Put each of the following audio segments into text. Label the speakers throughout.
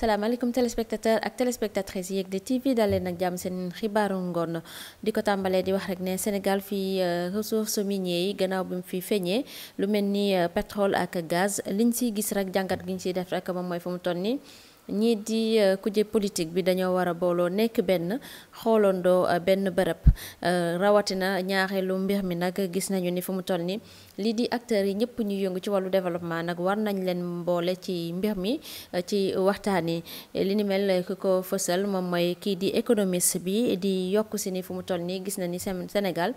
Speaker 1: salaamaaleykum téléspectateur ak téléspectatrices yeeg de TV daal leen ak jàmm seen xibaaru ngoon di ko tàmbalee di wax rek ne Sénégal fii euh, ressources minières yi gannaaw bi mu fi feeñee lu mel ni euh, pétrole ak gaz li ñu si gis rek jàngat gi ñu siy def rek moom mooy fu mu toll nii. ñii di euh, kuje politique bi dañoo war a booloo nekk benn xoolandoo euh, benn bërëb euh, rawatina ñaareelu mbir mi nag gis nañu ni fu mu toll ni lii di acteurs yi ñëpp ñu yëngu ci wàllu développement nag war nañ leen mboole ci mbir mi ci waxtaan yi li ni mel ku ko fësal moom mooy kii di économiste bi di yokk si ni fu mu toll nii gis na ni Sénégal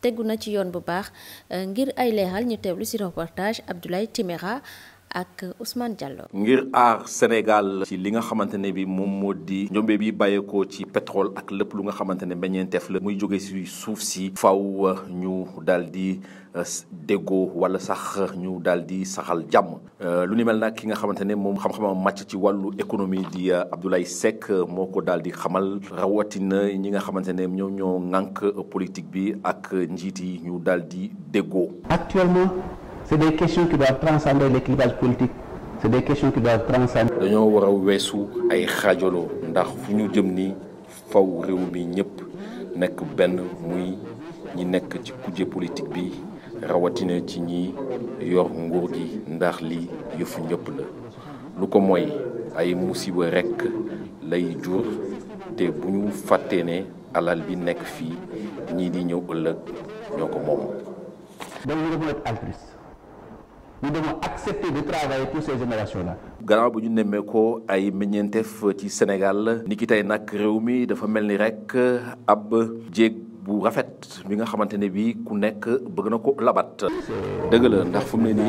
Speaker 1: tegu na ci yoon bu baax ngir ay leexal ñu teewlu si reportage Abdoulaye Timéra ak Ousmane Diallo.
Speaker 2: ngir ar Sénégal. ci li nga xamantene bi mom modi di. bi bayeko ci pétrole ak lepp lu nga xamantene ne meññeenteef la. muy jóge ci souf ci faaw ñu daldi euh, di wala sax ñu daldi saxal jàmm. Euh, lu ni mel nak ki nga xamantene mom xam-xamam ci walu économie di euh, Abdoulaye Seck moko daldi xamal rawatina ñi nga xamantene ñoo ñoo ngank politique bi ak njiti ñu daldi di actuellement c'est des questions qui doivent transcender les clivages politiques c'est des questions qui doivent transcender. dañoo war a weesu ay xaajaloo ndax fu ñu jëm nii faw réew mi ñëpp nekk benn muy ñi nekk ci kujje politique bi rawatina ci ñi yor nguur gi ndax li yëfu ñëpp la lu ko mooy ay musiba rek lay jur te bu ñu fàttee ne alal bi nekk fii ñii di ñëw ëllëg ñoo ko moom. dañu reconnaître altruiste nous devons accepter de travailler pour ces générations-là. gannaaw bu ñu ko ay meññeenteef ci Sénégal ni ki de nag réew dafa melni rek ab jéeg bu rafet bi nga xamanténé bi ku nekk bëgg na ko labat. dëgg la ndax fu mëni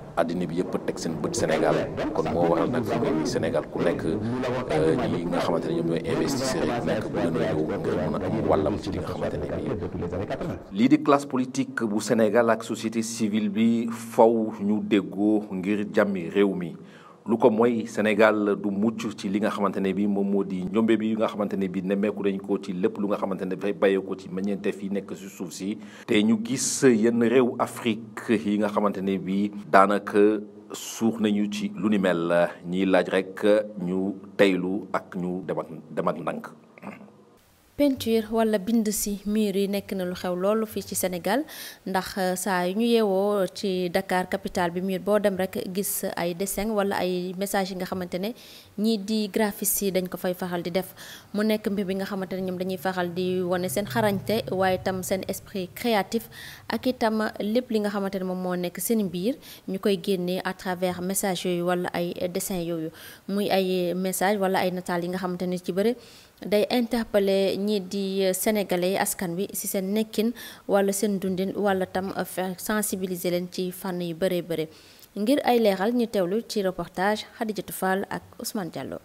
Speaker 2: àddina bi yëpp teg seen bët Sénégal kon moo waral nag fi mu Sénégal ku nekk euh, ñi nga xamante ne ñoom ñooy investisseurs yi ku nekk bu gën a ñëw ngir mën a am wàllam ci li nga xamante ne bii. lii di classe politique bu Sénégal ak société civile bi faw ñu déggoo ngir jàmmi réew mi. lu ko mooy Sénégal du mucc ci li nga xamante ne bi moom moo di njombe bi nga xamante ne bi nemmeeku nañ ko ci lépp lu nga xamante ne dafay bàyyee ko ci meññeentef yi nekk si suuf si te ñu gis yenn réew Afrique yi nga xamante ne bi daanaka suux nañu ci lu ni mel ñiy laaj rek ñu teylu ak ñu dem ak dem
Speaker 1: peinture wala bind si mur yi nekk na lu xew loolu fii ci Sénégal ndax euh, saa yu ñu yeewoo ci dakaar capital bi mur boo dem rek gis ay dessin wala ay message yi nga xamante ne ñii di yi dañ ko fay faral di def mu nekk mbir bi nga xamante ne ñoom dañuy faral di wane seen xarañte waaye tam seen esprit créatif ak itam lépp li nga xamante ne moom moo nekk seen biir ñu koy génnee à travers message yooyu wala ay dessin yooyu muy ay message wala ay nataal yi nga xamante ci bëri day interpeller ñi di euh, sénégalais askan wi ci seen nekkin walla seen wala walla tam euh, sensibilisé leen ci fànn yu bëree bëri ngir ay leexal ñu teewlu ci reportage Khadijatou Fall ak Ousmane Diallo.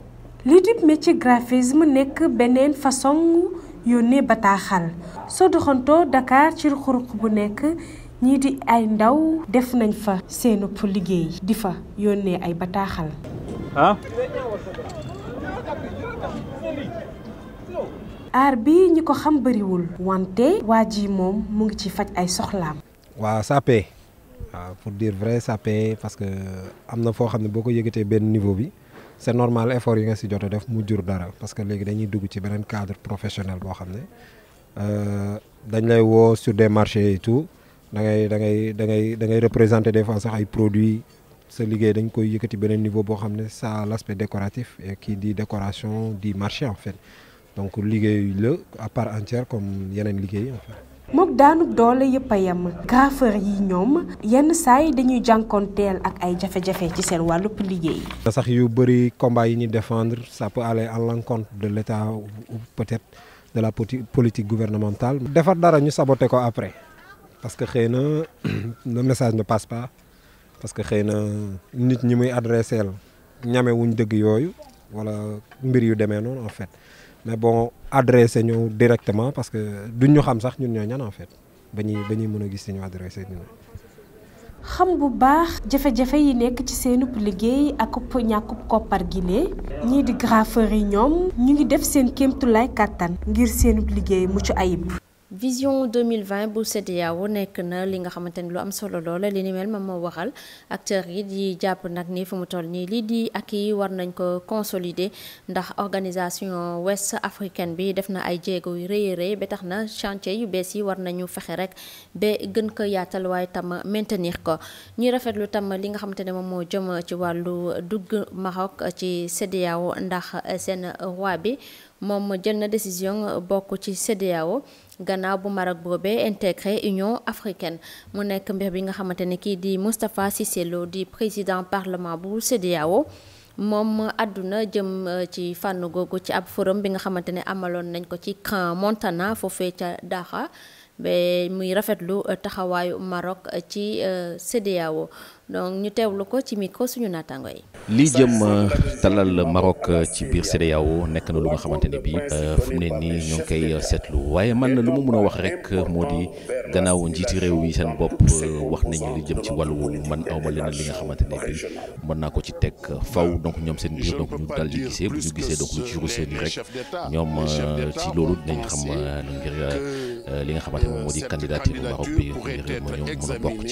Speaker 3: li di métier graphisme nekk beneen façon yónnee bataaxal soo doxantoo Dakar ci ruq-ruq bu nekk. ñii di ay ndaw def nañ fa seen liggéey di fa yónnee ay bataaxal. Ah? aar bi ñi ko xam bëriwul wante waa ji moom mu ngi ci faj ay soxlaam
Speaker 4: waaw ça paie waaw pour dire vrai ça paie parce que am na foo xam ne boo ko yëgatee benn niveau bi c'est normal effort yi nga si jot a def mu jur dara parce que léegi dañuy dugg ci beneen cadre professionnel boo xam ne euh, dañ lay woo sur des marchés et tout da ngay da ngay da ngay da ngay représenter des fois sax ay produits sa liggéey dañ koy yëkkati beneen niveau boo xam ne ça l'aspect décoratif et qui dit décoration dit marché en fait donc liguey le à part entière comme yenen liguey en fait.
Speaker 3: mook daanub doole yëpp a yem graffeur yi ñoom yenn saa dañuy jànkonteel ak ay jafe-jafe ci seen wàllub liggéey.
Speaker 4: sax yu bëri combat yi ñuy défendre ça peut aller en l'encontre de l'État ou peut-être de la politique gouvernementale. defar dara ñu saboter ko après parce que xëy na le message ne passe pas parce que xëy na nit ñi muy adressé ñamewuñ dëgg yooyu wala mbir yu demee noonu en fait mais bon adressé ñu directement parce que duñ ñu xam sax ñun ñoo ñan en fait bañi bañi mëna gis si ñu adressé ñu.
Speaker 3: xam bu baax jafe-jafe yi nekk ci seenub liggéey ak ñàkkub koppar gi ne ñii di graffeur yi ñoom ñu ngi def seen kéemtulaay kàttan ngir seenub liggéey mucc ayib.
Speaker 1: vision 2020 bu CEDEAO nekk na li nga xamante ni lu am solo loola li ni mel moom moo waral acteurs yi di jàpp nag ni fu mu toll nii lii di ak yi war nañ ko consolider ndax organisation ouest africaine bi def na ay jéego yu rëy a tax na chantier yu bees yi war nañu fexe rek ba gën ko yaatal waaye tam maintenir ko ñuy rafetlu tam li nga xamante ne moom moo jëm ci wàllu dugg Maroc ci CEDEAO ndax seen roi bi. moom ma jël na décision bokk ci CEDEAO gannaaw bu Maroc boobee intégré Union africaine mu nekk mbir bi nga xamante ne kii di Moustapha Cissé Lo di président parlement bu CEDEAO moom àdduna jëm euh, ci fànn googu ci ab forum bi nga xamante ne amaloon nañ ko ci Grand Montana foofee ca Daxa ba muy rafetlu euh, taxawaayu Maroc ci euh, CEDEAO donc ñu teewlu ko ci micro suñu naataango yi.
Speaker 2: li jëm talal maroc ci biir cdao nekk na lu nga xamante ne bi fu mu ne ni ñu ngi koy seetlu waaye man lu ma mën a wax rek eh, moo di gannaaw njiiti réew yi seen bopp eh, wax nañ li jëm ci walu man aw ma leen li nga xamante eh, ne bi mën naa ko ci teg faw donc ñoom seen biir donc ñu dal di gisee bu ñu gisee donc lu ci ruseeni rek ñoom ci loolu dinañ xam ngir li nga xamante moom moo di a bokk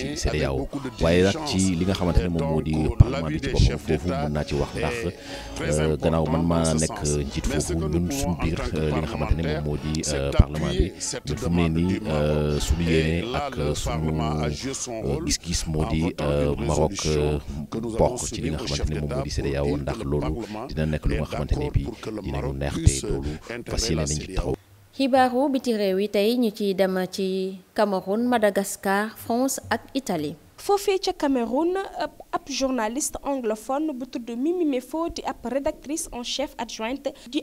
Speaker 2: ci li nga xamante ne moom moo di parlement bi ci boppam foofu mën naa ci wax ndax euh, gannaaw man maa nekk njiit foofu ñun suñu biir euh, li nga xamante ne moom moo di euh, parlement bi ñun fu mu ne nii suñu yéene ak suñu gis-gis moo di Maroc bokk ci li nga xamante ne moom moo di CEDEAO ndax loolu dina nekk lu nga xamante ne bi dinañu neex te loolu fas yéene nañ ci taxaw.
Speaker 1: xibaaru biti réew yi Cameroun Madagascar France ak Italie. foofee Cameroun
Speaker 3: journaliste anglophone bu tudd Mimi Mefo en chef adjointe di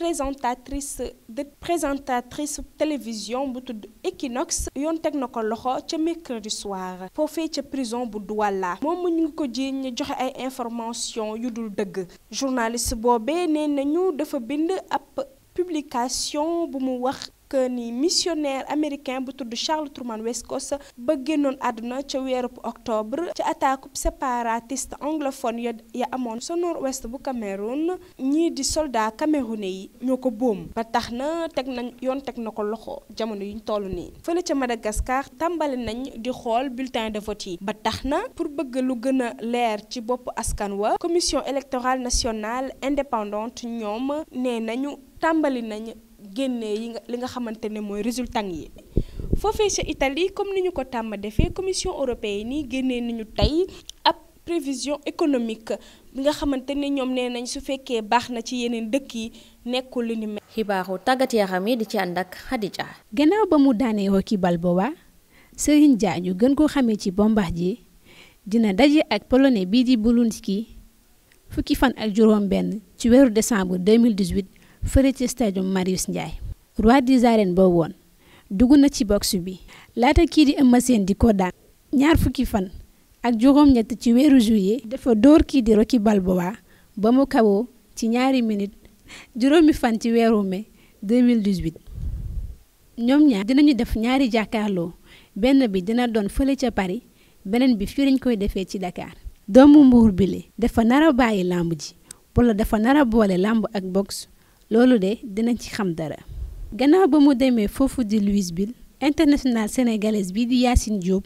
Speaker 3: présentatrice de présentatrice télévision bu tudd Equinox yoon teg mercredi soir foofee prison bu Douala moom ñu ngi ko joxe ay information yu journaliste boobee nee nañu dafa bind publication bu mu wax que ni missionnaire américain bu tudd Charles Truman Wescos ba non aduna ci weerub octobre ci attaque séparatiste anglophone ya amone son nord-ouest bu Cameroun ñi di soldats camerounais yi ñoo boom ba taxna tek nañ yoon tek nako loxo jamono yuñ toll ni fele ci Madagascar tambalé nañ di xol bulletin de vote yi ba taxna pour bëgg lu gëna a ci bop askan wa commission électorale nationale indépendante ñom né nañu tàmbali nañu génnee li nga xamante ne mooy résultat yi foofee ca Italie comme ni ñu ko tàmm defee commission européenne yi génnee nañu tey ab prévision économique bi nga xamante ne ñoom nee nañ su fekkee baax na ci yeneen dëkk yi
Speaker 1: nekkul lu ni mel. xibaaru tàggat yaram yi di ci ànd ak Khadija.
Speaker 5: gannaaw ba mu daanee Rocky booba Serigne Dia ñu gën koo xamee ci ji dina daje ak polone bii di Bułunski fukki fan ak juróom benn ci weeru décembre 2018 fële ci stadium Marius Ndiaye. roi des arènes boobu woon dugg na ci box bi laata kii di Eumeu Sène di ko daan ñaar fukki fan ak juróom-ñett ci weeru juillet. dafa dóor kii di Rocky Balboa ba mu kawoo ci ñaari minute juróomi fan ci weeru mai 2018 ñoom ñaar dinañu def ñaari jàkkaarloo benn bi dina doon fële ca Paris beneen bi fii lañ koy defee ci Dakar. doomu mbuur bi li dafa nar a bàyyi làmb ji wala dafa nar a boole làmb ak box loolu de dinañ ci xam dara. gannaaw ba mu demee foofu di Louisville international sénégalaise bi di Yacine jóob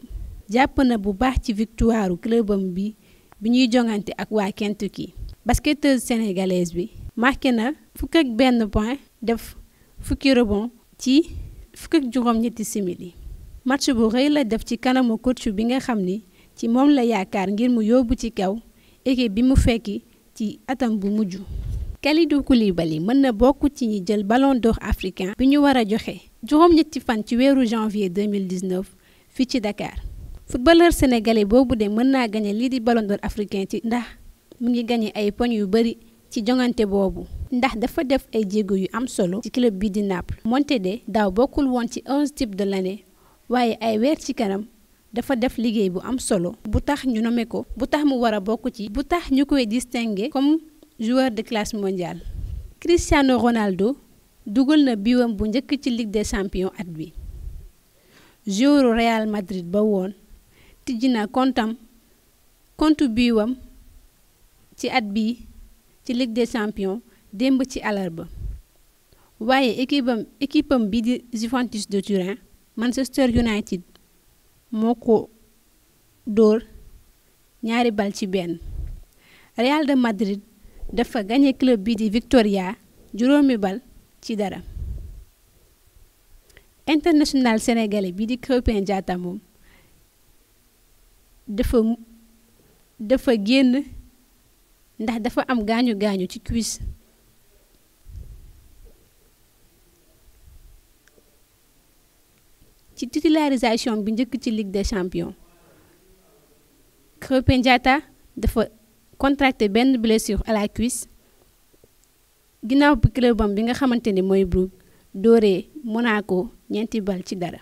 Speaker 5: jàpp na bu baax ci victoire clubam bi bi ñuy jongante ak waa Kentucky. basketteuse sénégalaise bi marqué na benn point def fukki ci fukk ak juróom-ñetti simili. match bu rëy la def ci kanamu coach bi nga xam ni ci moom la yaakaar ngir mu yóbbu ci kaw équipe bi mu fekki ci atam bu mujj. Kalidou Koulibaly mën na bokk ci ñi jël ballon d'or bi ñu war a joxe juróom-ñetti fan ci weeru janvier 2019 fii ci Dakar footballeur sénégalais boobu de mën naa gañe lii di ballon d'or africain ci ndax mu ngi gañe ay poñ yu bari ci jongante boobu ndax dafa def ay jéego yu am solo ci club bi di Naples moonte de daaw bokkul woon ci onze type de l'année waaye ay weer ci kanam dafa def liggéey bu am solo bu tax ñu nommé ko bu tax mu war a bokk ci bu tax ñu koy distingué comme joueur de classe mondiale Cristiano Ronaldo dugal na biwam bu njëkk ci Ligue des champions at bi joueur Real Madrid ba woon tijji na kontu biwam ci at bi ci Ligue de champion démb ci ba waaye équipe am bi di Juventus de Turin Manchester United moo ko dóor ñaari bal ci benn Real de Madrid dafa gagné club bi di Victoria juróomi bal ci dara. international sénégalais bi di Krépin Diatta moom dafa dafa génn ndax dafa am gaañu gaañu ci cuisse. ci titularisation bi njëkk ci Ligue de Champions Krépin Diatta dafa contracté benn blessure à la cuisse ginnaaw bi bi nga xamante ni mooy Brugge dooree Monaco ñeenti bal ci dara.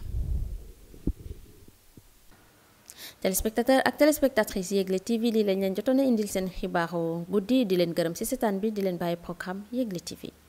Speaker 1: téléspectateur ak téléspectatrice Yegle TV lii lañ leen joto a indil seen xibaaru guddi di leen gërëm ci seetaan bi di leen bàyyi programme Yegle TV.